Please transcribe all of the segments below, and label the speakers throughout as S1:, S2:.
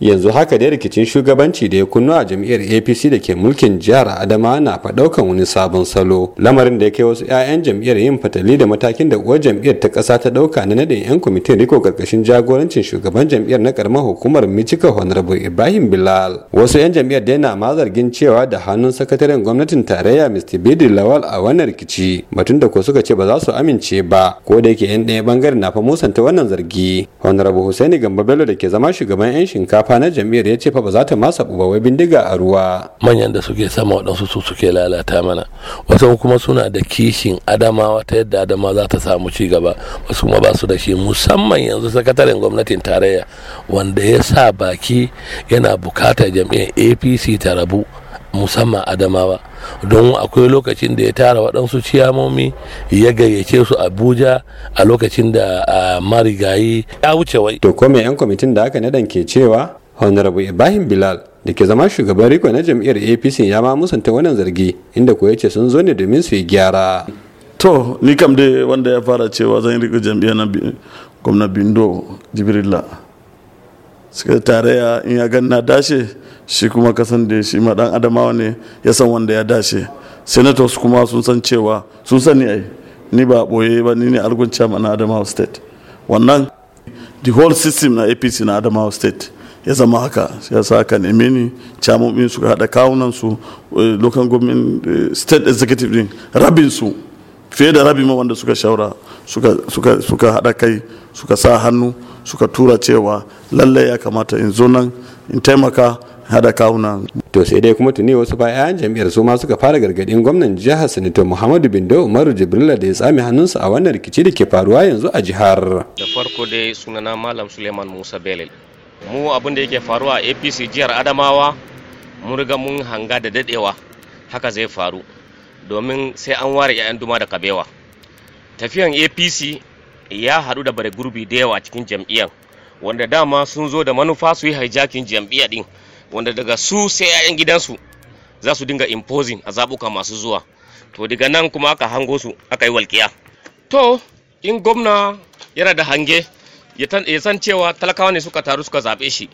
S1: yanzu haka dai rikicin shugabanci da ya kunnu a jam'iyyar apc da ke mulkin jihar adama na faɗaukan wani sabon salo lamarin da ya kai wasu 'ya'yan jam'iyyar yin fatali da matakin da uwar jam'iyyar ta ƙasa ta ɗauka na naɗin 'yan kwamitin riko ƙarƙashin jagorancin shugaban jam'iyyar na ƙaramar hukumar michika honorable ibrahim bilal wasu 'yan jam'iyyar dai na ma zargin cewa da hannun sakataren gwamnatin tarayya mr bidi lawal a wannan rikici batun da ko suka ce ba za su amince ba ko da yake 'yan ɗaya bangare na fa musanta wannan zargi honorable husaini gamba da ke zama shugaban 'yan shinkafa fanar
S2: jam'iyyar ya ce fa ba za ta masa wai bindiga a ruwa manyan da suke sama waɗansu su suke lalata mana wasu kuma suna da kishin adamawa ta yadda adama za ta samu ci gaba wasu kuma ba su da shi musamman yanzu sakataren gwamnatin tarayya wanda ya sa baki yana bukatar jam'iyyar apc ta rabu musamman adamawa don akwai lokacin da ya tara waɗansu ciyamomi ya gayyace su abuja a lokacin da marigayi ya wuce wai to kome 'yan kwamitin da aka nadan ke cewa
S1: honorable ibrahim bilal da ke zama shugaban riko na jam'iyyar apc ya ma musanta wannan zargi
S3: inda ko yace sun zo ne domin su yi gyara to ni kam dai wanda ya fara cewa zan riko jam'iyyar na gwamna bindo jibrila suka tarayya in ya gan na dashe shi kuma kasan da shi ma dan adamawa ne ya san wanda ya dashe senators kuma sun san cewa sun sani ai ni ba boye ba ni ne argun chairman na adamawa state wannan the whole system na apc na adamawa state ya zama haka ya sa ka neme ni camomin su hada kawunan su eh, local government eh, state executive din rabin su fiye da rabi wanda suka shaura suka, suka, haɗa kai suka sa hannu suka tura cewa lallai ya kamata in zo nan in taimaka hada kawuna. To sai dai kuma tuni wasu bayan jam'iyyar su ma suka fara
S1: gargadin gwamnan jihar Sanito Muhammadu Bindo Umaru Jibrila da ya tsame hannunsa a wannan rikici da ke faruwa yanzu a jihar.
S4: Da farko dai sunana Malam Suleiman Musa Belil. Mu abin da yake faruwa a APC jihar Adamawa mun riga mun hanga da dadewa haka zai faru. domin sai an ware 'ya'yan duma da kabewa tafiyan apc ya haɗu da bare gurbi da yawa cikin jam'iyyar wanda dama sun zo da manufa su yi hijakin jam'iyyar din wanda daga su sai 'ya'yan gidansu za su dinga imposing a zaɓuka masu zuwa to daga nan kuma aka hango su aka yi walƙiya to in gwamna yana da hange ya san cewa talakawa ne suka taru suka zaɓe shi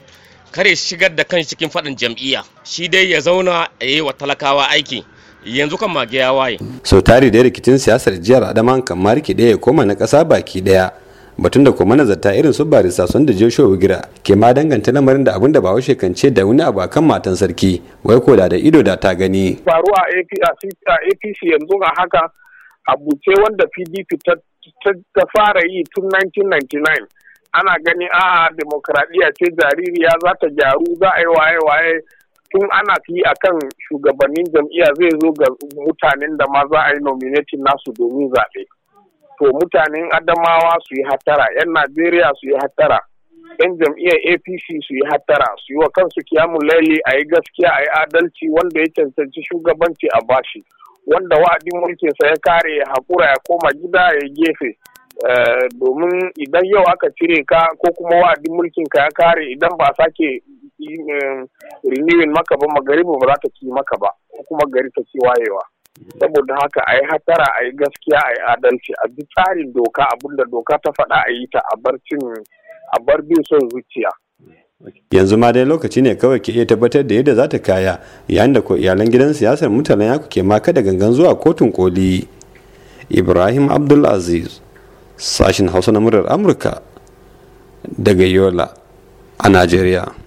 S4: kare shigar da kan cikin faɗin jam'iyya shi dai ya zauna a yi wa talakawa aiki yanzu kan mage ya waye
S1: sau tari da rikicin siyasar jihar adaman kan mariki ya koma na ƙasa baki ɗaya batun da kuma nazarta irin su barista sun da joshua wigira ke ma danganta lamarin da abin da bahaushe kance ce da wani abu akan matan sarki wai ko da ido da ta gani
S5: faruwa a apc yanzu a haka abuce wanda pdp ta fara yi tun 1999 ana gani a demokradiyya ce jaririya za ta gyaru za a yi waye waye tun ana fi a kan shugabannin jam'iyya zai zo ga mutanen da ma za a yi nominatin nasu domin zaɓe. To mutanen Adamawa su yi hattara, 'yan Najeriya su yi hattara, 'yan jam'iyyar APC su yi hattara, su yi wa kansu kiyamun laili a yi gaskiya a yi adalci wanda ya cancanci shugabanci a bashi. Wanda wa'adin mulkinsa ya kare ya haƙura ya koma gida ya gefe. Eh, domin idan yau aka cire ka ko kuma wa'adin mulkin ka ya kare idan ba sake eh, kiwin maka ba magariba ba za ta ci maka ba ko kuma gari ta ci wayewa saboda haka a yi hatara a yi gaskiya a yi adalci a bi tsarin doka abinda doka ta faɗa a yi ta a bar cin a bar bin son zuciya
S1: yanzu ma dai lokaci ne kawai ke iya tabbatar da yadda za ta kaya yayin da ko iyalan gidan siyasar mutanen yaku ke maka da gangan zuwa kotun koli ibrahim abdulaziz sashin hausa na murar amurka daga yola a najeriya